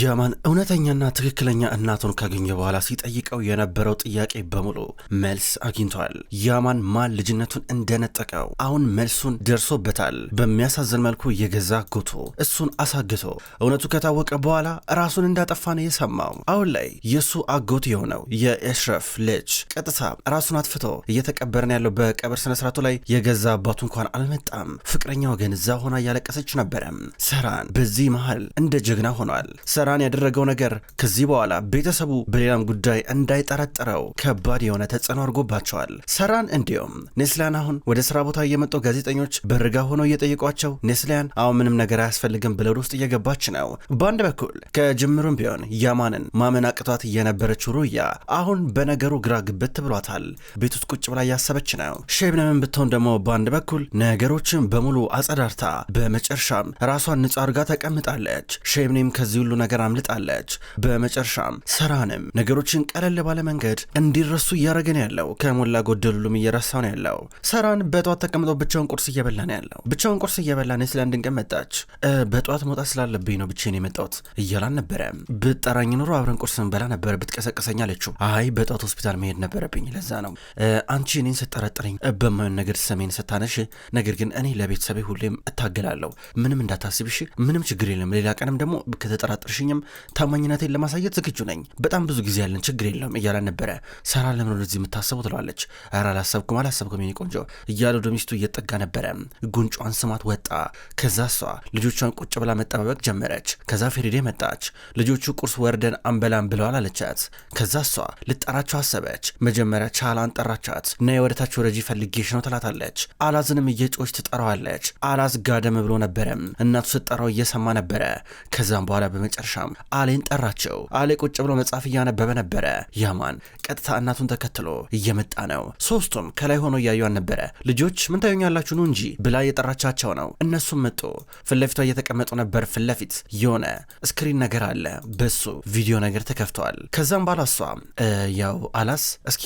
ያማን እውነተኛና ትክክለኛ እናቱን ካገኘ በኋላ ሲጠይቀው የነበረው ጥያቄ በሙሉ መልስ አግኝቷል። ያማን ማን ልጅነቱን እንደነጠቀው አሁን መልሱን ደርሶበታል። በሚያሳዝን መልኩ የገዛ ጎቱ እሱን አሳግቶ እውነቱ ከታወቀ በኋላ ራሱን እንዳጠፋ ነው የሰማው። አሁን ላይ የእሱ አጎት የሆነው የኤሽረፍ ልጅ ቀጥታ ራሱን አጥፍቶ እየተቀበረ ያለው። በቀብር ስነ ላይ የገዛ አባቱ እንኳን አልመጣም። ፍቅረኛው ግን እዛ ሆና እያለቀሰች ነበረም። ሰራን በዚህ መሃል እንደ ጀግና ሆኗል። ሰራን ያደረገው ነገር ከዚህ በኋላ ቤተሰቡ በሌላም ጉዳይ እንዳይጠረጥረው ከባድ የሆነ ተጽዕኖ አድርጎባቸዋል። ሰራን እንዲሁም ኔስሊያን አሁን ወደ ስራ ቦታ እየመጡ ጋዜጠኞች በርጋ ሆነው እየጠየቋቸው ኔስሊያን አሁን ምንም ነገር አያስፈልግም ብለው ውስጥ እየገባች ነው። በአንድ በኩል ከጅምሩም ቢሆን ያማንን ማመን አቅቷት እየነበረችው ሩያ አሁን በነገሩ ግራ ግብት ብሏታል። ቤት ውስጥ ቁጭ ብላ እያሰበች ነው። ሼብነምን ብትሆን ደግሞ በአንድ በኩል ነገሮችን በሙሉ አጸዳርታ በመጨረሻም ራሷን ንጹህ አድርጋ ተቀምጣለች። ሼብኔም ከዚህ ሁሉ ነገር ነገር አምልጣለች። በመጨረሻም ሰራንም ነገሮችን ቀለል ባለ መንገድ እንዲረሱ እያደረገን ያለው ከሞላ ጎደሉም እየረሳ ነው ያለው። ሰራን በጠዋት ተቀምጦ ብቻውን ቁርስ እየበላ ነው ያለው። ብቻውን ቁርስ እየበላ ኔ ስላንድንቀን መጣች። በጠዋት መውጣት ስላለብኝ ነው ብቼን የመጣሁት እያላን ነበረ። ብጠራኝ ኑሮ አብረን ቁርስ በላ ነበረ ብትቀሰቀሰኝ አለችው። አይ በጠዋት ሆስፒታል መሄድ ነበረብኝ ለዛ ነው። አንቺ እኔን ስጠረጥረኝ በማይሆን ነገር ሰሜን ስታነሽ፣ ነገር ግን እኔ ለቤተሰቤ ሁሌም እታገላለሁ። ምንም እንዳታስብሽ፣ ምንም ችግር የለም። ሌላ ቀንም ደግሞ ከተጠራጠርሽ አትወስድሽኝም፣ ታማኝነቴን ለማሳየት ዝግጁ ነኝ፣ በጣም ብዙ ጊዜ ያለን ችግር የለውም እያለ ነበረ። ሳራ ለምን ወደዚህ የምታሰቡ ትለዋለች። ኧረ አላሰብኩም አላሰብኩም የኔ ቆንጆ እያለ ወደ ሚስቱ እየጠጋ ነበረ። ጉንጯን ስማት ወጣ። ከዛ እሷ ልጆቿን ቁጭ ብላ መጠባበቅ ጀመረች። ከዛ ፌሬዴ መጣች። ልጆቹ ቁርስ ወርደን አንበላን ብለዋል አለቻት። ከዛ እሷ ልጠራቸው አሰበች። መጀመሪያ ቻላን ጠራቻት። ና የወደታች ወረጂ ፈልጌሽ ነው ትላታለች። አላዝንም እየጮች ትጠራዋለች። አላዝ ጋደም ብሎ ነበረ። እናቱ ስጠራው እየሰማ ነበረ። ከዛም በኋላ በመጨረሻ በመጨረሻም አሌን ጠራቸው። አሌ ቁጭ ብሎ መጽሐፍ እያነበበ ነበረ። ያማን ቀጥታ እናቱን ተከትሎ እየመጣ ነው። ሶስቱም ከላይ ሆኖ እያዩን ነበረ። ልጆች ምን ታዩኛላችሁ ነው እንጂ ብላ እየጠራቻቸው ነው። እነሱም መጡ። ፊት እየተቀመጡ ነበር። ፊት የሆነ ስክሪን ነገር አለ። በሱ ቪዲዮ ነገር ተከፍተዋል። ከዛም ባላ እሷ ያው አላስ እስኪ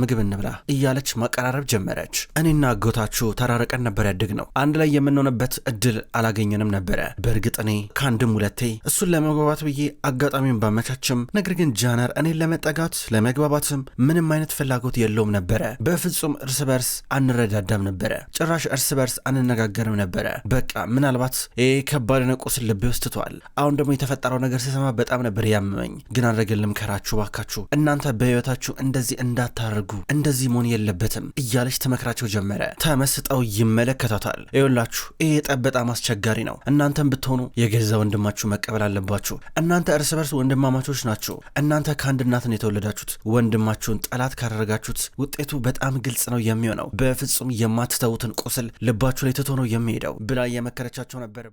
ምግብ እንብላ እያለች ማቀራረብ ጀመረች። እኔና አጎታችሁ ተራርቀን ነበር ያድግ ነው አንድ ላይ የምንሆንበት እድል አላገኘንም ነበረ። በእርግጥ እኔ ከአንድም ሁለቴ እሱን ለመ ለመግባባት ብዬ አጋጣሚውን ባመቻችም፣ ነገር ግን ጃነር እኔን ለመጠጋት ለመግባባትም ምንም አይነት ፍላጎት የለውም ነበረ። በፍጹም እርስ በርስ አንረዳዳም ነበረ። ጭራሽ እርስ በርስ አንነጋገርም ነበረ። በቃ ምናልባት ይሄ ከባድ ነቁስ ልቤ ውስጥ ትቷል። አሁን ደግሞ የተፈጠረው ነገር ሲሰማ በጣም ነበር ያመመኝ። ግን አድረግን ከራችሁ ባካችሁ፣ እናንተ በህይወታችሁ እንደዚህ እንዳታደርጉ፣ እንደዚህ መሆን የለበትም እያለች ትመክራቸው ጀመረ። ተመስጠው ይመለከታታል። ይኸውላችሁ ይሄ ጠብ በጣም አስቸጋሪ ነው። እናንተም ብትሆኑ የገዛ ወንድማችሁ መቀበል አለባችሁ ናችሁ። እናንተ እርስ በርስ ወንድማማቾች ናችሁ። እናንተ ከአንድ እናትን የተወለዳችሁት። ወንድማችሁን ጠላት ካደረጋችሁት ውጤቱ በጣም ግልጽ ነው የሚሆነው። በፍጹም የማትተዉትን ቁስል ልባችሁ ላይ ትቶ ነው የሚሄደው ብላ እየመከረቻቸው ነበር።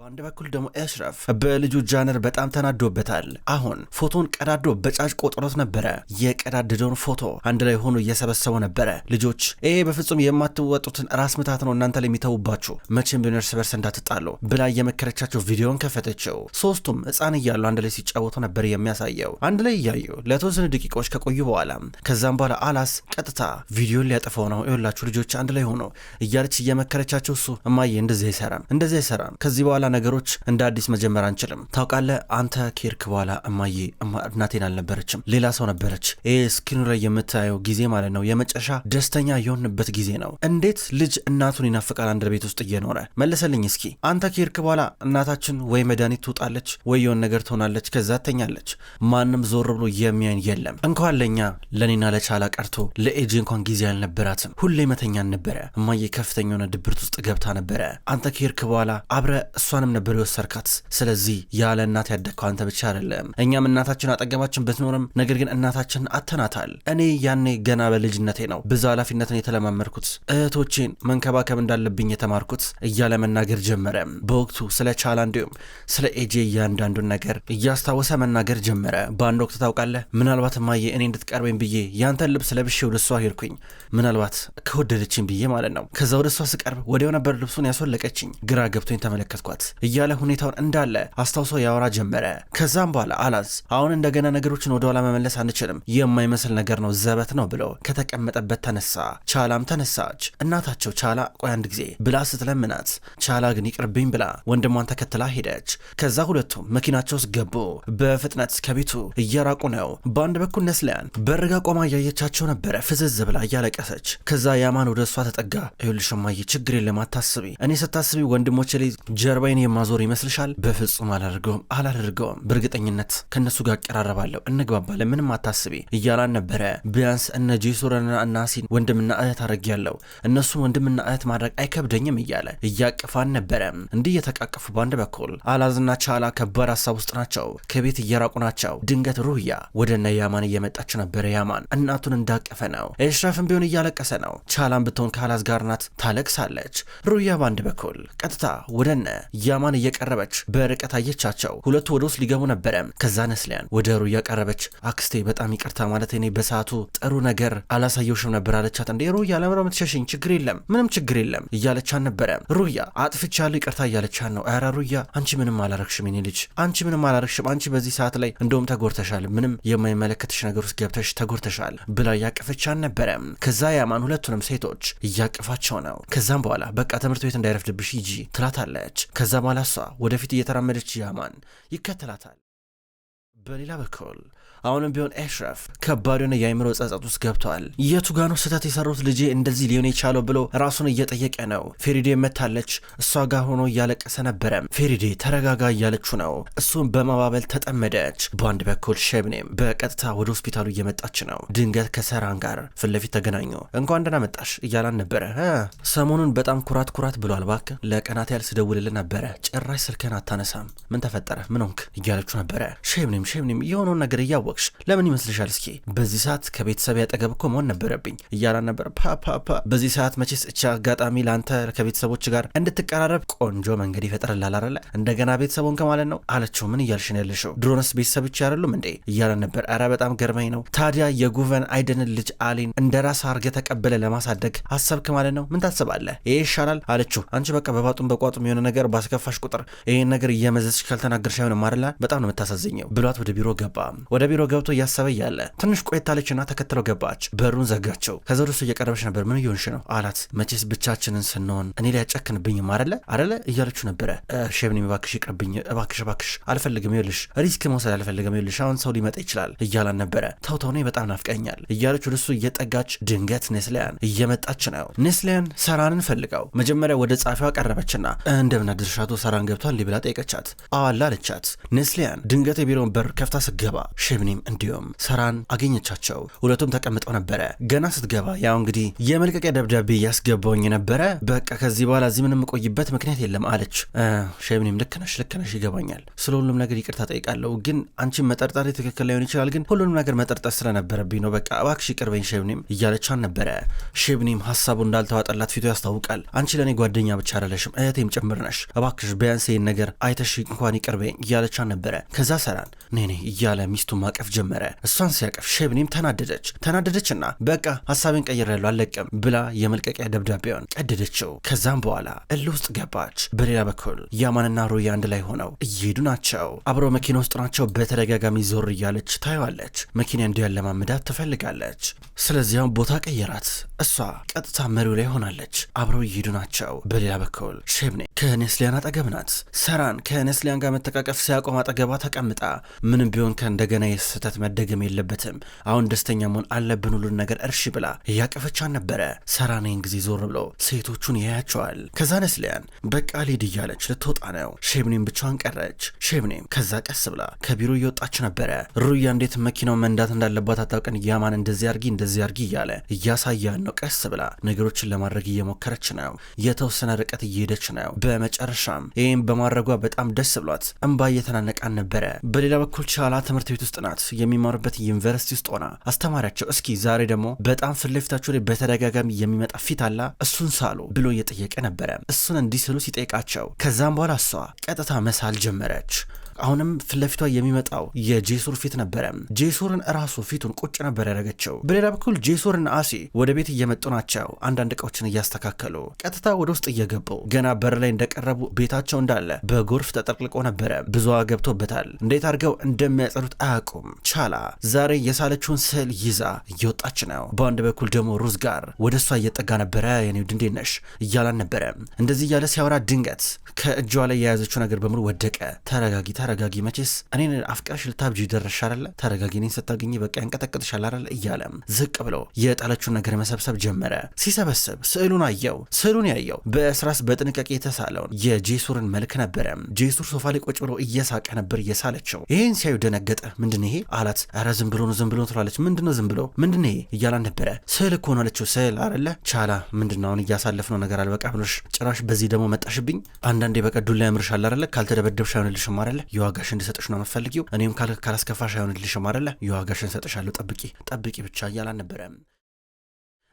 በአንድ በኩል ደግሞ ኤሽረፍ በልጁ ጃነር በጣም ተናዶበታል። አሁን ፎቶን ቀዳዶ በጫጭ ቆጥሮት ነበረ። የቀዳደደውን ፎቶ አንድ ላይ ሆኖ እየሰበሰበው ነበረ። ልጆች ይሄ በፍጹም የማትወጡትን ራስ ምታት ነው እናንተ ላይ የሚተዉባችሁ፣ መቼም ቢሆን እርስ በርስ እንዳትጣሉ ብላ እየመከረቻቸው ቪዲዮን ከፈተችው። ሶስቱም ሕፃን እያሉ አንድ ላይ ሲጫወቱ ነበር የሚያሳየው። አንድ ላይ እያዩ ለተወሰኑ ደቂቃዎች ከቆዩ በኋላ ከዛም በኋላ አላስ ቀጥታ ቪዲዮን ሊያጠፈው ነው። ይኸውላችሁ ልጆች አንድ ላይ ሆኖ እያለች እየመከረቻቸው እሱ እማዬ እንደዚህ አይሰራም፣ እንደዚህ አይሰራም ከዚህ በኋላ በኋላ ነገሮች እንደ አዲስ መጀመር አንችልም። ታውቃለህ አንተ ኬርክ በኋላ እማዬ እናቴን አልነበረችም፣ ሌላ ሰው ነበረች። ይህ ስክሪኑ ላይ የምታየው ጊዜ ማለት ነው የመጨረሻ ደስተኛ የሆንበት ጊዜ ነው። እንዴት ልጅ እናቱን ይናፍቃል አንድ ቤት ውስጥ እየኖረ መለሰልኝ። እስኪ አንተ ኬርክ በኋላ እናታችን ወይ መድኃኒት ትውጣለች ወይ የሆን ነገር ትሆናለች፣ ከዛ ተኛለች። ማንም ዞር ብሎ የሚያይን የለም። እንኳን ለእኛ ለእኔና ለቻላ ቀርቶ ለኤጄ እንኳን ጊዜ አልነበራትም። ሁሌ መተኛን ነበረ። እማዬ ከፍተኛ የሆነ ድብርት ውስጥ ገብታ ነበረ። አንተ ኬርክ በኋላ አብረ እሷ እሷንም ነበር የወሰርካት። ስለዚህ ያለ እናት ያደግከው አንተ ብቻ አይደለም። እኛም እናታችን አጠገባችን ብትኖርም ነገር ግን እናታችን አተናታል። እኔ ያኔ ገና በልጅነቴ ነው ብዙ ኃላፊነትን የተለማመድኩት፣ እህቶቼን መንከባከብ እንዳለብኝ የተማርኩት እያለ መናገር ጀመረ። በወቅቱ ስለ ቻላ እንዲሁም ስለ ኤጄ እያንዳንዱን ነገር እያስታወሰ መናገር ጀመረ። በአንድ ወቅት ታውቃለህ፣ ምናልባት ማየ እኔ እንድትቀርበኝ ብዬ ያንተን ልብስ ለብሼ ወደ እሷ ሄድኩኝ፣ ምናልባት ከወደደችኝ ብዬ ማለት ነው። ከዛ ወደ እሷ ስቀርብ ወዲያው ነበር ልብሱን ያስወለቀችኝ። ግራ ገብቶኝ ተመለከትኳት። እያለ ሁኔታውን እንዳለ አስታውሶ ያወራ ጀመረ። ከዛም በኋላ አላዝ አሁን እንደገና ነገሮችን ወደኋላ መመለስ አንችልም፣ የማይመስል ነገር ነው፣ ዘበት ነው ብሎ ከተቀመጠበት ተነሳ። ቻላም ተነሳች። እናታቸው ቻላ ቆይ አንድ ጊዜ ብላ ስትለምናት፣ ቻላ ግን ይቅርብኝ ብላ ወንድሟን ተከትላ ሄደች። ከዛ ሁለቱም መኪናቸው ውስጥ ገቡ። በፍጥነት ከቤቱ እየራቁ ነው። በአንድ በኩል ነስሊያን በርጋ ቆማ እያየቻቸው ነበረ፣ ፍዝዝ ብላ እያለቀሰች። ከዛ ያማን ወደ እሷ ተጠጋ። ይኸውልሽ እማዬ ችግር የለም አታስቢ፣ እኔ ስታስቢ ወንድሞቼ ላይ ጀርባ ጉዳይን የማዞር ይመስልሻል? በፍጹም አላደርገውም አላደርገውም። በእርግጠኝነት ከእነሱ ጋር አቀራረባለሁ፣ እንግባባለን፣ ምንም አታስቢ እያላን ነበረ። ቢያንስ እነ ጄሱርና እናሲን ወንድምና እህት ያለው እነሱን ወንድምና እህት ማድረግ አይከብደኝም እያለ እያቅፋን ነበረ። እንዲህ እየተቃቀፉ በአንድ በኩል አላዝና ቻላ ከባድ ሀሳብ ውስጥ ናቸው። ከቤት እየራቁ ናቸው። ድንገት ሩህያ ወደ እነ ያማን እየመጣች ነበረ። ያማን እናቱን እንዳቀፈ ነው። ኤሽራፍን ቢሆን እያለቀሰ ነው። ቻላን ብትሆን ከአላዝ ጋር ናት፣ ታለቅሳለች። ሩህያ በአንድ በኩል ቀጥታ ወደነ ያማን እየቀረበች በርቀት አየቻቸው። ሁለቱ ወደ ውስጥ ሊገቡ ነበረ። ከዛ ነስሊያን ወደ ሩያ ቀረበች። አክስቴ በጣም ይቅርታ ማለት እኔ በሰዓቱ ጥሩ ነገር አላሳየውሽም ነበር አለቻት። እንዴ ሩያ ለምረ ምትሸሽኝ? ችግር የለም ምንም ችግር የለም እያለቻን ነበረ። ሩያ አጥፍቻለሁ ይቅርታ እያለቻን ነው። ኧረ ሩያ አንቺ ምንም አላረግሽም፣ የኔ ልጅ አንቺ ምንም አላረግሽም። አንቺ በዚህ ሰዓት ላይ እንደውም ተጎርተሻል፣ ምንም የማይመለከትሽ ነገር ውስጥ ገብተሽ ተጎርተሻል ብላ እያቀፈቻን ነበረ። ከዛ ያማን ሁለቱንም ሴቶች እያቀፋቸው ነው። ከዛም በኋላ በቃ ትምህርት ቤት እንዳይረፍድብሽ ሂጂ ትላታለች። ከዛ ከዛ በኋላሳ ወደፊት እየተራመደች ያማን ይከተላታል። በሌላ በኩል አሁንም ቢሆን ኤሽረፍ ከባድ የሆነ የአይምሮ ጸጸት ውስጥ ገብተዋል። የቱጋኖ ስህተት የሰሩት ልጄ እንደዚህ ሊሆን የቻለው ብሎ ራሱን እየጠየቀ ነው። ፌሪዴ መታለች፣ እሷ ጋር ሆኖ እያለቀሰ ነበረ። ፌሪዴ ተረጋጋ እያለችው ነው። እሱን በማባበል ተጠመደች። በአንድ በኩል ሸብኔም በቀጥታ ወደ ሆስፒታሉ እየመጣች ነው። ድንገት ከሰራን ጋር ፊት ለፊት ተገናኙ። እንኳን ደህና መጣሽ እያላን ነበረ። ሰሞኑን በጣም ኩራት ኩራት ብሏል። እባክህ ለቀናት ያህል ስደውልልህ ነበረ፣ ጭራሽ ስልክህን አታነሳም። ምን ተፈጠረ? ምን ሆንክ? እያለችው ነበረ። ሸብኔም ሸብኔም የሆነውን ነገር እያወ አወቅሽ? ለምን ይመስልሻል? እስኪ በዚህ ሰዓት ከቤተሰብ ያጠገብ እኮ መሆን ነበረብኝ እያላን ነበር። ፓፓፓ በዚህ ሰዓት መቼስ እቺ አጋጣሚ ለአንተ ከቤተሰቦች ጋር እንድትቀራረብ ቆንጆ መንገድ ይፈጥርላል አለ። እንደገና ቤተሰቡን ከማለት ነው አለችው። ምን እያልሽ ነው ያለሽው? ድሮንስ ቤተሰብ ብቻ አይደሉም እንዴ እያላን ነበር። ኧረ በጣም ገርመኝ ነው ታዲያ የጉቨን አይደን ልጅ አሊን እንደ ራስ አርገ ተቀበለ ለማሳደግ አሰብክ ማለት ነው። ምን ታስባለህ? ይህ ይሻላል አለችው። አንቺ በቃ በባጡም በቋጡም የሆነ ነገር ባስከፋሽ ቁጥር ይህን ነገር እየመዘዝሽ ካልተናገርሽ አይሆንም አይደል? በጣም ነው የምታሳዝኘው ብሏት ወደ ቢሮ ገባ። ወደ ቢሮ ገብቶ እያሰበ እያለ ትንሽ ቆይታለችና ተከትለው ገባች። በሩን ዘጋቸው። ከዛ ወደሱ እየቀረበች ነበር። ምን እየሆንሽ ነው አላት። መቼስ ብቻችንን ስንሆን እኔ ላይ ያጨክንብኝም አደለ አደለ እያለችው ነበረ። ሸብኒ የሚባክሽ ይቅርብኝ፣ እባክሽ እባክሽ፣ አልፈልግም፣ ይልሽ ሪስክ መውሰድ አልፈልግም፣ ይልሽ አሁን ሰው ሊመጣ ይችላል እያላን ነበረ። ተውተው እኔ በጣም ናፍቀኛል እያለች ወደሱ እየጠጋች ድንገት ኔስሊያን እየመጣች ነው። ኔስሊያን ሰራንን ፈልገው መጀመሪያ ወደ ጻፊዋ ቀረበችና እንደምን አደረሽ አቶ ሰራን ገብቷል ሊብላ ጠየቀቻት። አዋላ አለቻት። ኔስሊያን ድንገት የቢሮውን በር ከፍታ ስገባ ሸብኒ ዳኒም እንዲሁም ሰራን አገኘቻቸው። ሁለቱም ተቀምጠው ነበረ። ገና ስትገባ ያው እንግዲህ የመልቀቂያ ደብዳቤ እያስገባውኝ ነበረ። በቃ ከዚህ በኋላ እዚህ ምንም ቆይበት ምክንያት የለም አለች። ሸምኒም ልክ ነሽ፣ ልክ ነሽ፣ ይገባኛል። ስለ ሁሉም ነገር ይቅርታ ጠይቃለሁ። ግን አንቺን መጠርጠሬ ትክክል ላይሆን ይችላል። ግን ሁሉንም ነገር መጠርጠር ስለነበረብኝ ነው። በቃ እባክሽ ይቅርበኝ ሸምኒም እያለቻን ነበረ። ሸምኒም ሀሳቡ እንዳልተዋጠላት ፊቱ ያስታውቃል። አንቺ ለእኔ ጓደኛ ብቻ አይደለሽም እህቴም ጭምር ነሽ። እባክሽ ቢያንስ ይህን ነገር አይተሽ እንኳን ይቅርበኝ እያለቻን ነበረ። ከዛ ሰራን ኔኔ እያለ ሚስቱ ማ ማቀፍ ጀመረ። እሷን ሲያቀፍ ሸብኔም ተናደደች። ተናደደችና በቃ ሀሳቤን ቀይሬያለሁ አልለቅም ብላ የመልቀቂያ ደብዳቤውን ቀደደችው። ከዛም በኋላ እል ውስጥ ገባች። በሌላ በኩል ያማንና ሩያ አንድ ላይ ሆነው እየሄዱ ናቸው። አብረው መኪና ውስጥ ናቸው። በተደጋጋሚ ዞር እያለች ታየዋለች። መኪና እንዲያለማምዳት ትፈልጋለች። ስለዚያም ቦታ ቀየራት። እሷ ቀጥታ መሪው ላይ ሆናለች። አብረው እየሄዱ ናቸው። በሌላ በኩል ሼብኔ ከኔስሊያን አጠገብ ናት። ሰራን ከኔስሊያን ጋር መተቃቀፍ ሲያቆም አጠገቧ ተቀምጣ ምንም ቢሆን ከእንደገና የስህተት መደገም የለበትም አሁን ደስተኛ መሆን አለብን ሁሉን ነገር እርሺ ብላ እያቀፈቻን ነበረ። ሰራን ይህን ጊዜ ዞር ብሎ ሴቶቹን ያያቸዋል። ከዛ ኔስሊያን በቃ ሊድ እያለች ልትወጣ ነው። ሼብኔም ብቻዋን ቀረች። ሼብኔም ከዛ ቀስ ብላ ከቢሮ እየወጣች ነበረ። ሩያ እንዴት መኪናው መንዳት እንዳለባት አታውቅን። ያማን እንደዚህ አርጊ እንደዚህ አርጊ እያለ እያሳያ ነው። ቀስ ብላ ነገሮችን ለማድረግ እየሞከረች ነው። የተወሰነ ርቀት እየሄደች ነው። በመጨረሻም ይህም በማድረጓ በጣም ደስ ብሏት እንባ እየተናነቃን ነበረ። በሌላ በኩል ቻላ ትምህርት ቤት ውስጥ ናት። የሚማሩበት ዩኒቨርሲቲ ውስጥ ሆና አስተማሪያቸው እስኪ ዛሬ ደግሞ በጣም ፊት ለፊታቸው ላይ በተደጋጋሚ የሚመጣ ፊት አላ እሱን ሳሉ ብሎ እየጠየቀ ነበረ። እሱን እንዲስሉ ሲጠይቃቸው ከዛም በኋላ እሷ ቀጥታ መሳል ጀመረች። አሁንም ፊት ለፊቷ የሚመጣው የጄሱር ፊት ነበረ። ጄሱርን ራሱ ፊቱን ቁጭ ነበር ያደረገችው። በሌላ በኩል ጄሱርና አሲ ወደ ቤት እየመጡ ናቸው። አንዳንድ እቃዎችን እያስተካከሉ ቀጥታ ወደ ውስጥ እየገቡ ገና በር ላይ እንደቀረቡ ቤታቸው እንዳለ በጎርፍ ተጠቅልቆ ነበረ። ብዙዋ ገብቶበታል። እንዴት አድርገው እንደሚያጸዱት አያውቁም። ቻላ ዛሬ የሳለችውን ስዕል ይዛ እየወጣች ነው። በአንድ በኩል ደግሞ ሩዝ ጋር ወደ እሷ እየጠጋ ነበረ። የኔ እንዴት ነሽ እያላን ነበረ። እንደዚህ እያለ ሲያወራ ድንገት ከእጇ ላይ የያዘችው ነገር በሙሉ ወደቀ። ተረጋጊታ ተረጋጊ፣ መቼስ እኔን አፍቃሽ ልታብጂ ይደረሻ አለ። ተረጋጊ፣ እኔን ስታገኝ በቃ ያንቀጠቅጥሻል አለ እያለ ዝቅ ብሎ የጣለችውን ነገር መሰብሰብ ጀመረ። ሲሰበስብ ስዕሉን አየው። ስዕሉን ያየው በስራስ በጥንቃቄ የተሳለውን የጄሱርን መልክ ነበረ። ጄሱር ሶፋ ላይ ቁጭ ብሎ እየሳቀ ነበር እየሳለችው። ይህን ሲያዩ ደነገጠ። ምንድን ይሄ አላት። ኧረ ዝም ብሎ ነው ዝም ብሎ ትላለች። ምንድን ነው ዝም ብሎ ምንድን ይሄ እያላን ነበረ። ስዕል እኮ ነው አለችው። ስዕል አለ ቻላ። ምንድን ነው አሁን እያሳለፍነው ነገር አልበቃ ብሎሽ ጭራሽ በዚህ ደግሞ መጣሽብኝ። አንዳንዴ በቀዱን ላይ ያምርሻል አለ ካልተደበደብሽ አይሆንልሽም አለ የዋጋሽ እንድሰጥሽ ነው የምትፈልጊው? እኔም ካላስከፋሽ አይሆንልሽም አይደለ? የዋጋሽን ሰጥሻለሁ፣ ጠብቂ ጠብቂ ብቻ እያላን ነበረም።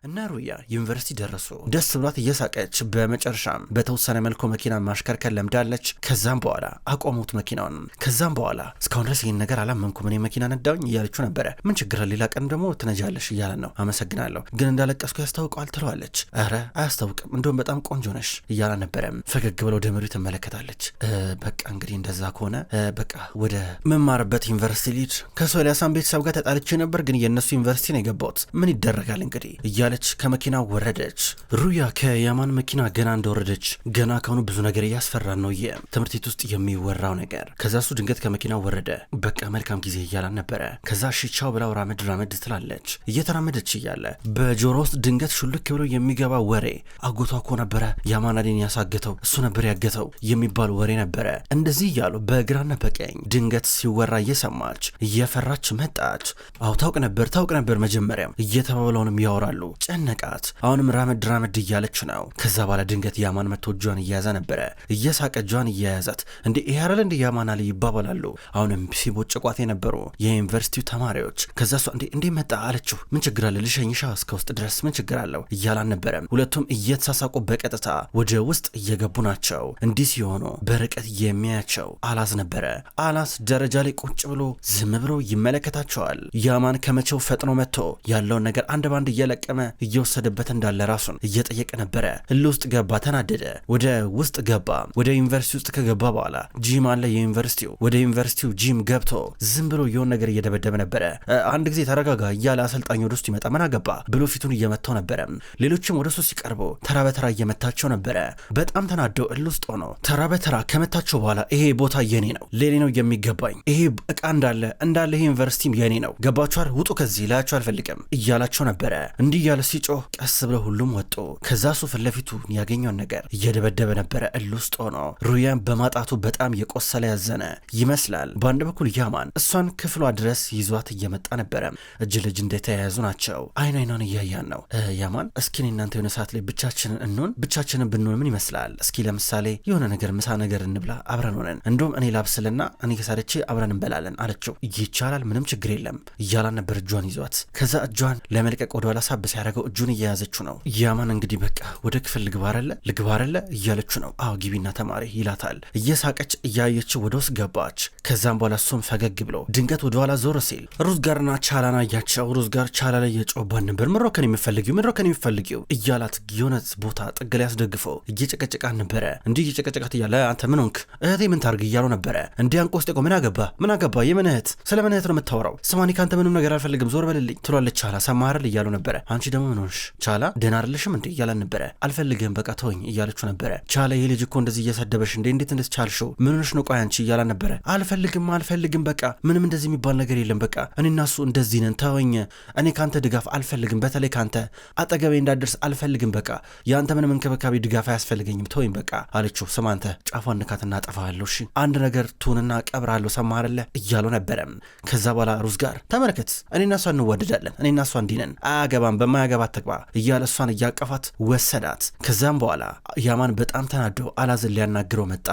እነ ሩያ ዩኒቨርሲቲ ደረሱ። ደስ ብሏት እየሳቀች በመጨረሻም በተወሰነ መልኩ መኪና ማሽከርከር ለምዳለች። ከዛም በኋላ አቆሙት መኪናውን። ከዛም በኋላ እስካሁን ድረስ ይህን ነገር አላመንኩም እኔ መኪና ነዳውኝ እያለችው ነበረ። ምን ችግር ሌላ ቀን ደግሞ ትነጃለሽ እያለ ነው። አመሰግናለሁ ግን እንዳለቀስኩ ያስታውቀዋል ትለዋለች። ኧረ አያስታውቅም፣ እንደውም በጣም ቆንጆ ነሽ እያለ ነበረም። ፈገግ ብለው ወደ ትመለከታለች። በቃ እንግዲህ እንደዛ ከሆነ በቃ ወደ መማርበት ዩኒቨርሲቲ ሊድ ከሶሊያሳን ቤተሰብ ጋር ተጣልቼ ነበር፣ ግን የእነሱ ዩኒቨርሲቲ ነው የገባሁት። ምን ይደረጋል እንግዲህ እያለች ከመኪና ወረደች። ሩያ ከያማን መኪና ገና እንደወረደች ገና ከሆኑ ብዙ ነገር እያስፈራን ነው የትምህርት ቤት ውስጥ የሚወራው ነገር። ከዛ እሱ ድንገት ከመኪና ወረደ። በቃ መልካም ጊዜ እያላን ነበረ። ከዛ ሽቻው ብላው ራመድ ራመድ ትላለች። እየተራመደች እያለ በጆሮ ውስጥ ድንገት ሹልክ ብሎ የሚገባ ወሬ አጎቷ እኮ ነበረ ያማን ያሳገተው እሱ ነበር ያገተው የሚባል ወሬ ነበረ። እንደዚህ እያሉ በግራና በቀኝ ድንገት ሲወራ እየሰማች እየፈራች መጣች። አዎ ታውቅ ነበር ታውቅ ነበር መጀመሪያም እየተባበለውንም ያወራሉ። ጨነቃት። አሁንም ራመድ ራመድ እያለች ነው። ከዛ በኋላ ድንገት ያማን መጥቶ እጇን እያያዘ ነበረ። እየሳቀ እጇን እያያዛት እንዴ ይሄ አይደል እንዴ ያማን አለ ይባባላሉ። አሁንም ሲቦጭቋት የነበሩ የዩኒቨርሲቲው ተማሪዎች። ከዛ እሷ እንዴ እንዴ መጣ አለችው። ምን ችግር አለ ልሸኝሻ እስከ ውስጥ ድረስ ምን ችግር አለው እያላን አልነበረም። ሁለቱም እየተሳሳቁ በቀጥታ ወደ ውስጥ እየገቡ ናቸው። እንዲህ ሲሆኑ በርቀት የሚያያቸው አላዝ ነበረ። አላዝ ደረጃ ላይ ቁጭ ብሎ ዝም ብሎ ይመለከታቸዋል። ያማን ከመቼው ፈጥኖ መጥቶ ያለውን ነገር አንድ ባንድ እየለቀመ እየወሰደበት እንዳለ ራሱን እየጠየቀ ነበረ። እልህ ውስጥ ገባ፣ ተናደደ፣ ወደ ውስጥ ገባ። ወደ ዩኒቨርሲቲ ውስጥ ከገባ በኋላ ጂም አለ የዩኒቨርሲቲው። ወደ ዩኒቨርሲቲው ጂም ገብቶ ዝም ብሎ የሆን ነገር እየደበደበ ነበረ። አንድ ጊዜ ተረጋጋ እያለ አሰልጣኝ ወደ ውስጥ ይመጣ ምን አገባ ብሎ ፊቱን እየመታው ነበረ። ሌሎችም ወደ ሱ ሲቀርቡ ተራ በተራ እየመታቸው ነበረ። በጣም ተናደው እልህ ውስጥ ሆኖ ተራ በተራ ከመታቸው በኋላ ይሄ ቦታ የኔ ነው፣ ለኔ ነው የሚገባኝ፣ ይሄ እቃ እንዳለ እንዳለ ዩኒቨርሲቲም የኔ ነው፣ ገባችኋል? ውጡ ከዚህ ላያቸው አልፈልግም እያላቸው ነበረ። እንዲህ እያለ እያለ ሲጮህ ቀስ ብለው ሁሉም ወጡ። ከዛ እሱ ፊት ለፊቱ ያገኘውን ነገር እየደበደበ ነበረ። እል ውስጥ ሆኖ ሩያን በማጣቱ በጣም የቆሰለ ያዘነ ይመስላል። በአንድ በኩል ያማን እሷን ክፍሏ ድረስ ይዟት እየመጣ ነበረ። እጅ ልጅ እንደተያያዙ ናቸው። አይን አይኗን እያያን ነው። ያማን እስኪ እናንተ የሆነ ሰዓት ላይ ብቻችንን እንሆን ብቻችንን ብንሆን ምን ይመስላል? እስኪ ለምሳሌ የሆነ ነገር ምሳ ነገር እንብላ አብረን ሆነን እንዲሁም እኔ ላብስልና እኔ ከሳደች አብረን እንበላለን አለችው። ይቻላል ምንም ችግር የለም እያላን ነበር እጇን ይዟት። ከዛ እጇን ለመልቀቅ ወደኋላ ሳብ ሲያረ ያደረገው እጁን እየያዘችው ነው። ያማን እንግዲህ በቃ ወደ ክፍል ልግባ አይደለ ልግባ አይደለ እያለችው ነው። አዎ ግቢና ተማሪ ይላታል። እየሳቀች እያየች ወደ ውስጥ ገባች። ከዛም በኋላ እሱም ፈገግ ብሎ ድንገት ወደኋላ ዞር ሲል ሩዝ ጋርና ቻላን አያቸው። ሩዝ ጋር ቻላ ላይ እየጮባን ነበር። ምድሮ ከን የሚፈልጊው ምድሮ ከን የሚፈልጊው እያላት የሆነት ቦታ ጥግ ላይ ያስደግፈው እየጨቀጨቃት ነበረ። እንዲህ እየጨቀጨቃት እያለ አንተ ምን ሆንክ እህቴ ምን ታርግ እያሉ ነበረ። እንዲህ አንቆ ቆ ምን አገባ ምን አገባ የምን እህት ስለ ምን እህት ነው የምታወራው? ስማኒ ከአንተ ምንም ነገር አልፈልግም ዞር በልልኝ ትሏለች። ቻላ ሰማረል እያሉ ነበረ። አንቺ ደግሞ ምን ሆንሽ ቻላ ደህና አይደለሽም እንዴ እያላን ነበረ። አልፈልግህም በቃ ተወኝ እያለችው ነበረ። ቻላ ይሄ ልጅ እኮ እንደዚህ እያሳደበሽ እንዴ እንዴት እንደስ ቻልሽው ምን ሆንሽ ነው ቆይ አንቺ እያላን ነበረ። አልፈልግም አልፈልግም በቃ ምንም እንደዚህ የሚባል ነገር የለም በቃ እኔና እሱ እንደዚህ ነን ተወኝ። እኔ ካንተ ድጋፍ አልፈልግም በተለይ ካንተ አጠገቤ እንዳደርስ አልፈልግም በቃ የአንተ ምንም እንክብካቤ ድጋፍ አያስፈልገኝም ተወኝ በቃ አለችው። ስማንተ ጫፏን ንካትና አጠፋሃለሁ እሺ አንድ ነገር ትሁንና ቀብርሃለሁ ሰማህ አይደለ እያሉ ነበረ። ከዛ በኋላ ሩዝ ጋር ተመልከት እኔና እሷ እንዋደዳለን እኔና እሷ እንዲነን ነን አያገባም በማ የማያገባት ተግባ እያለ እሷን እያቀፋት ወሰዳት። ከዚያም በኋላ ያማን በጣም ተናዶ አላዝን ሊያናግረው መጣ።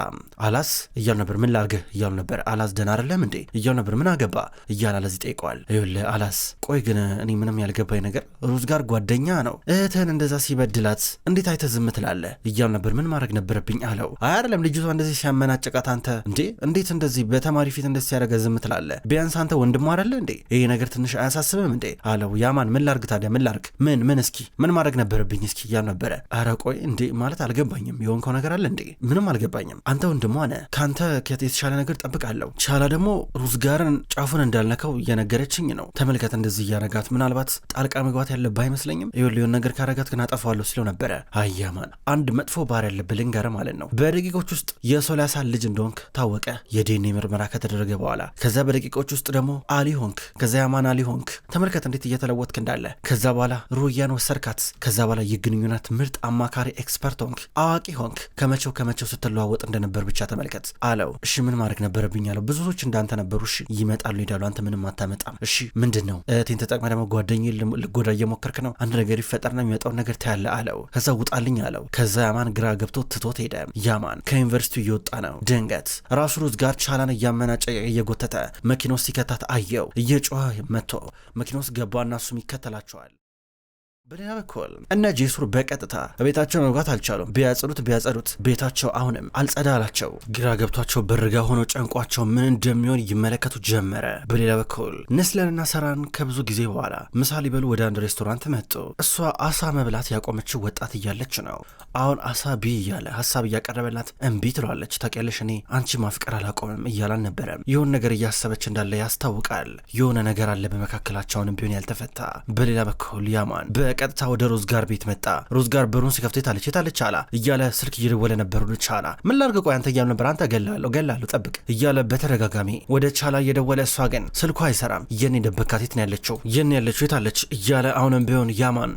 አላዝ እያሉ ነበር፣ ምን ላርግህ እያሉ ነበር። አላዝ ደህና አይደለም እንዴ እያሉ ነበር። ምን አገባ እያለ አላዝ ይጠይቀዋል። ይኸውልህ አላዝ፣ ቆይ ግን እኔ ምንም ያልገባኝ ነገር ሩዝ ጋር ጓደኛ ነው፣ እህትህን እንደዛ ሲበድላት እንዴት አይተህ ዝም ትላለህ እያሉ ነበር። ምን ማድረግ ነበረብኝ አለው። አይ አይደለም ልጅቷ እንደዚህ ሲያመናጨቃት አንተ እንዴ እንዴት እንደዚህ በተማሪ ፊት እንደዚህ ያደረገ ዝም ትላለህ? ቢያንስ አንተ ወንድሞ አይደለ እንዴ? ይሄ ነገር ትንሽ አያሳስብም እንዴ አለው። ያማን ምን ላርግ ታዲያ ምን ላርግ ምን ምን እስኪ ምን ማድረግ ነበረብኝ እስኪ እያሉ ነበረ። አረቆይ ቆይ እንዴ ማለት አልገባኝም፣ የሆንከው ነገር አለ እንዴ? ምንም አልገባኝም። አንተ ወንድሟ ነህ፣ ከአንተ የተሻለ ነገር ጠብቃለሁ። ቻላ ደግሞ ሩዝጋርን ጫፉን እንዳልነካው እየነገረችኝ ነው። ተመልከት፣ እንደዚህ እያረጋት ምናልባት ጣልቃ መግባት ያለብህ አይመስለኝም። ሊሆን ነገር ካረጋት ግን አጠፋዋለሁ ሲለው ነበረ። አያማን አንድ መጥፎ ባህሪ ያለብህ ልንገርህ ማለት ነው። በደቂቆች ውስጥ የሶሊያሳን ልጅ እንደሆንክ ታወቀ፣ የዴኔ ምርመራ ከተደረገ በኋላ ከዛ በደቂቆች ውስጥ ደግሞ አሊ ሆንክ፣ ከዛ ያማን አሊ ሆንክ። ተመልከት እንዴት እየተለወጥክ እንዳለ ከዛ በኋላ ሩያን ወሰርካት። ከዛ በላይ የግንኙነት ምርጥ አማካሪ ኤክስፐርት ሆንክ፣ አዋቂ ሆንክ። ከመቼው ከመቼው ስትለዋወጥ እንደነበር ብቻ ተመልከት አለው። እሺ ምን ማድረግ ነበረብኝ አለው። ብዙዎች እንዳንተ ነበሩ። እሺ ይመጣሉ ይሄዳሉ፣ አንተ ምንም አታመጣም። እሺ ምንድን ነው እህቴን ተጠቅመ ደግሞ ጓደኝ ልጎዳ እየሞከርክ ነው። አንድ ነገር ይፈጠርና የሚመጣው ነገር ታያለ አለው። ከዛ ውጣልኝ አለው። ከዛ ያማን ግራ ገብቶ ትቶት ሄደ። ያማን ከዩኒቨርሲቲው እየወጣ ነው። ድንገት ራሱ ሩዝ ጋር ቻላን እያመናጨ እየጎተተ መኪና ሲከታት አየው። እየጮኸ መጥቶ መኪና ውስጥ ገባና እሱም ይከተላቸዋል። በሌላ በኩል እነ ጄሱር በቀጥታ ቤታቸው መግባት አልቻሉም። ቢያጸዱት ቢያጸዱት ቤታቸው አሁንም አልጸዳ አላቸው። ግራ ገብቷቸው በርጋ ሆኖ ጨንቋቸው ምን እንደሚሆን ይመለከቱ ጀመረ። በሌላ በኩል ነስለንና ሰራን ከብዙ ጊዜ በኋላ ምሳ ሊበሉ ወደ አንድ ሬስቶራንት መጡ። እሷ አሳ መብላት ያቆመችው ወጣት እያለች ነው። አሁን አሳ ቢ እያለ ሀሳብ እያቀረበላት እምቢ ትሏለች። ታውቂያለሽ እኔ አንቺ ማፍቀር አላቆምም እያላን ነበረም። የሆነ ነገር እያሰበች እንዳለ ያስታውቃል። የሆነ ነገር አለ በመካከላቸውን ቢሆን ያልተፈታ። በሌላ በኩል ያማን በቀጥታ ወደ ሮዝ ጋር ቤት መጣ። ሮዝ ጋር በሩን ሲከፍት የታለች የታለች አላ እያለ ስልክ እየደወለ ነበር። ወደ ቻላ ምን ላድርግ ቆይ አንተ እያሉ ነበር። አንተ ገላለሁ ገላለሁ ጠብቅ እያለ በተደጋጋሚ ወደ ቻላ እየደወለ እሷ ግን ስልኩ አይሰራም። የኔ ደበካት የት ነው ያለችው? የኔ ያለችው የታለች እያለ አሁንም ቢሆን ያማን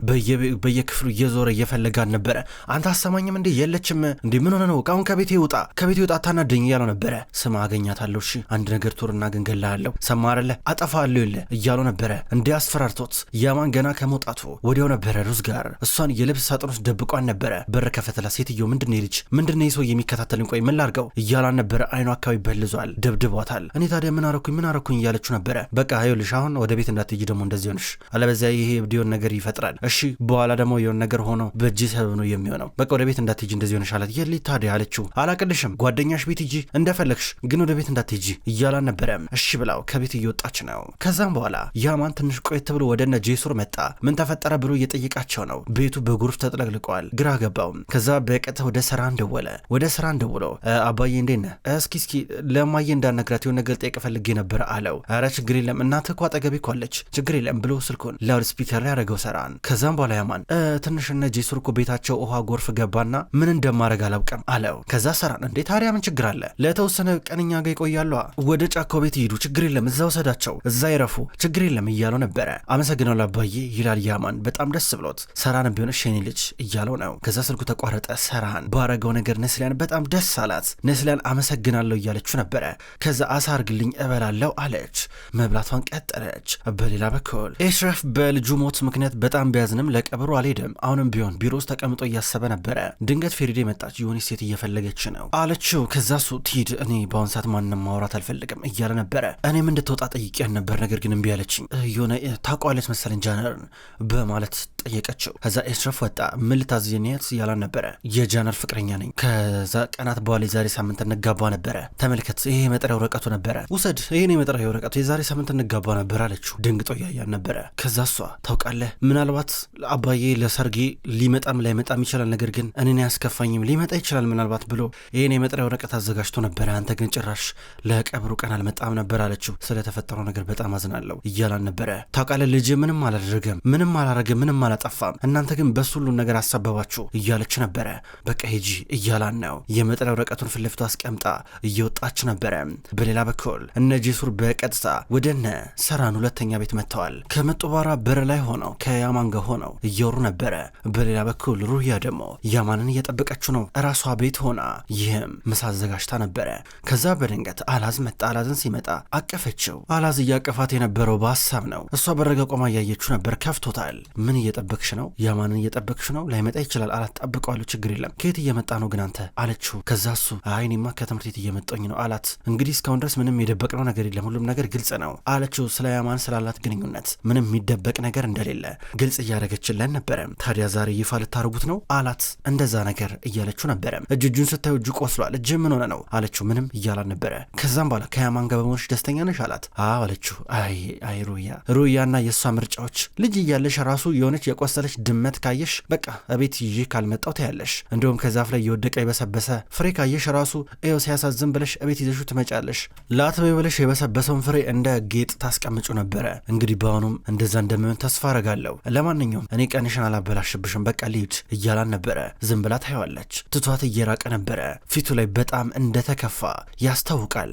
በየክፍሉ እየዞረ እየፈለጋት ነበረ። አንተ አሰማኝም እንዴ የለችም እንዴ ምን ሆነ ነው? አሁን ከቤት ይውጣ ከቤት ይውጣ አታናደኝ እያለው ነበረ። ስማ አገኛታለሁ እሺ አንድ ነገር ቱርና ግን ገላለሁ ሰማ አይደለ አጠፋለሁ ይለ እያለው ነበረ። እንዲህ አስፈራርቶት ያማን ገና ከመውጣቱ ወዲያው ነበረ ሩዝ ጋር እሷን የልብስ ሳጥን ውስጥ ደብቋን ነበረ። በር ከፈተላ ሴትዮ ምንድነ ልጅ ምንድነ ሰው የሚከታተልን ቆይ ምን ላርገው እያላን ነበረ። አይኗ አካባቢ በልዟል፣ ደብድቧታል። እኔ ታዲያ ምን አረኩኝ ምን አረኩኝ እያለችው ነበረ። በቃ ይኸውልሽ አሁን ወደ ቤት እንዳትሄጂ ደግሞ እንደዚህ ሆንሽ አለበዚያ ይሄ እብድ ነገር ይፈጥራል። እሺ በኋላ ደግሞ የሆን ነገር ሆኖ በእጅ ሰበብ ነው የሚሆነው። በቃ ወደ ቤት እንዳትሄጂ እንደዚህ ሆንሽ አላት። የሊ ታዲያ አለችው። አላቅልሽም ጓደኛሽ ቤት ሂጂ እንደፈለግሽ፣ ግን ወደ ቤት እንዳትሄጂ እያላን ነበረ። እሺ ብላው ከቤት እየወጣች ነው። ከዛም በኋላ ያማን ትንሽ ቆየት ብሎ ወደነ ጄሱር መጣ። ምን ተፈጠረ ብሎ እየጠየቃቸው ነው። ቤቱ በጎርፍ ተጥለቅልቀዋል። ግራ ገባው። ከዛ በቀጥታ ወደ ስራ ደወለ። ወደ ስራ ደውሎ አባዬ እንዴት ነህ? እስኪ እስኪ ለማየ እንዳነግራት የሆነ ነገር ልጠይቅ ፈልጌ ነበር አለው። አረ ችግር የለም እናትህ እኮ አጠገቤ እኮ አለች፣ ችግር የለም ብሎ ስልኩን ላውድ ስፒከር ያደረገው ሰራን። ከዛም በኋላ ያማን ትንሽነ ጄሱር እኮ ቤታቸው ውሃ ጎርፍ ገባና ምን እንደማድረግ አላውቅም አለው። ከዛ ሰራን እንዴ ታዲያ ምን ችግር አለ? ለተወሰነ ቀንኛ እኛ ጋር ወደ ጫካው ቤት ይሄዱ፣ ችግር የለም እዛ ውሰዳቸው፣ እዛ ይረፉ፣ ችግር የለም እያለው ነበረ። አመሰግነው ላባዬ ይላል ያማን በጣም በጣም ደስ ብሎት ሰራንም ቢሆን ሸኒ ልጅ እያለው ነው። ከዛ ስልኩ ተቋረጠ። ሰራን ባረገው ነገር ነስሊያን በጣም ደስ አላት። ነስሊያን አመሰግናለሁ እያለችው ነበረ። ከዛ አሳ አርግልኝ እበላለው አለች። መብላቷን ቀጠለች። በሌላ በኩል ኤሽረፍ በልጁ ሞት ምክንያት በጣም ቢያዝንም ለቀብሩ አልሄድም። አሁንም ቢሆን ቢሮ ውስጥ ተቀምጦ እያሰበ ነበረ። ድንገት ፌሪዴ መጣች። የሆነ ሴት እየፈለገች ነው አለችው። ከዛ ሱ ትሂድ፣ እኔ በአሁን ሰዓት ማንም ማውራት አልፈልግም እያለ ነበረ። እኔም እንድትወጣ ጠይቄያን ነበር፣ ነገር ግን እምቢ አለችኝ። የሆነ ታውቀዋለች መሰለኝ ጃነርን በማለት got ጠየቀችው። ከዛ ኤሽረፍ ወጣ። ምን ልታዝኝት እያላን ነበረ። የጃነር ፍቅረኛ ነኝ። ከዛ ቀናት በኋላ የዛሬ ሳምንት እንጋባ ነበረ። ተመልከት፣ ይሄ የመጠሪያ ወረቀቱ ነበረ፣ ውሰድ። ይህን የመጠሪያ ወረቀቱ የዛሬ ሳምንት እንጋባ ነበር አለችው። ድንግጦ እያያን ነበረ። ከዛ እሷ ታውቃለህ፣ ምናልባት አባዬ ለሰርጌ ሊመጣም ላይመጣም ይችላል፣ ነገር ግን እኔን አያስከፋኝም፣ ሊመጣ ይችላል ምናልባት ብሎ ይህን የመጠሪያ ወረቀት አዘጋጅቶ ነበረ። አንተ ግን ጭራሽ ለቀብሩ ቀን አልመጣም ነበር አለችው። ስለተፈጠረው ነገር በጣም አዝናለሁ እያላን ነበረ። ታውቃለህ፣ ልጄ ምንም አላደረገም፣ ምንም አላረገም፣ ምንም አላጠፋም፣ እናንተ ግን በሱ ሁሉን ነገር አሳበባችሁ እያለች ነበረ። በቃ ሂጂ እያላን ነው። የመጥሪያ ወረቀቱን ፊት ለፊቱ አስቀምጣ እየወጣች ነበረ። በሌላ በኩል እነ ጄሱር በቀጥታ ወደነ ሰራን ሁለተኛ ቤት መጥተዋል። ከመጡ በኋላ በር ላይ ሆነው ከያማን ጋር ሆነው እያወሩ ነበረ። በሌላ በኩል ሩህያ ደግሞ ያማንን እየጠበቀችው ነው እራሷ ቤት ሆና፣ ይህም ምሳ አዘጋጅታ ነበረ። ከዛ በድንገት አላዝ መጣ። አላዝን ሲመጣ አቀፈችው። አላዝ እያቀፋት የነበረው በሀሳብ ነው። እሷ በረገ ቆማ እያየችው ነበር። ከፍቶታል። ምን እየጠ እየጠበቅሽ ነው? ያማንን እየጠበቅሽ ነው? ላይመጣ ይችላል አላት። ጠብቀዋለሁ፣ ችግር የለም። ከየት እየመጣ ነው ግን አንተ አለችው። ከዛ እሱ አይ እኔማ ከትምህርት ቤት እየመጣኝ ነው አላት። እንግዲህ እስካሁን ድረስ ምንም የደበቅነው ነገር የለም፣ ሁሉም ነገር ግልጽ ነው አለችው። ስለ ያማን ስላላት ግንኙነት ምንም የሚደበቅ ነገር እንደሌለ ግልጽ እያደረገችለን ነበረ። ታዲያ ዛሬ ይፋ ልታደርጉት ነው አላት። እንደዛ ነገር እያለችው ነበረ። እጅ እጁን ስታዩ እጁ ቆስሏል፣ እጅ ምን ሆነ ነው አለችው። ምንም እያላት ነበረ። ከዛም በኋላ ከያማን ጋር በመሆንሽ ደስተኛ ነሽ አላት። አዎ አለችው። አይ አይ ሩያ ሩያና የእሷ ምርጫዎች ልጅ እያለሽ ራሱ የሆነች የቆሰለች ድመት ካየሽ በቃ እቤት ይዤ ካልመጣው ታያለሽ። እንዲሁም ከዛፍ ላይ የወደቀ የበሰበሰ ፍሬ ካየሽ ራሱ ይኸው ሲያሳዝን ብለሽ እቤት ይዘሹ ትመጫለሽ። ለአትበይ ብለሽ የበሰበሰውን ፍሬ እንደ ጌጥ ታስቀምጩ ነበረ። እንግዲህ በአሁኑም እንደዛ እንደምን ተስፋ አረጋለሁ። ለማንኛውም እኔ ቀንሽን አላበላሽብሽም በቃ ልሂድ እያላን ነበረ። ዝም ብላ ታየዋለች። ትቷት እየራቀ ነበረ። ፊቱ ላይ በጣም እንደተከፋ ያስታውቃል።